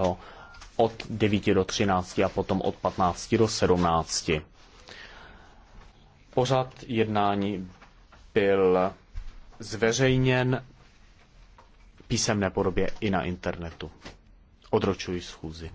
No, od 9 do 13 a potom od 15 do 17. Pořad jednání byl zveřejněn písemné podobě i na internetu. Odročuji schůzi.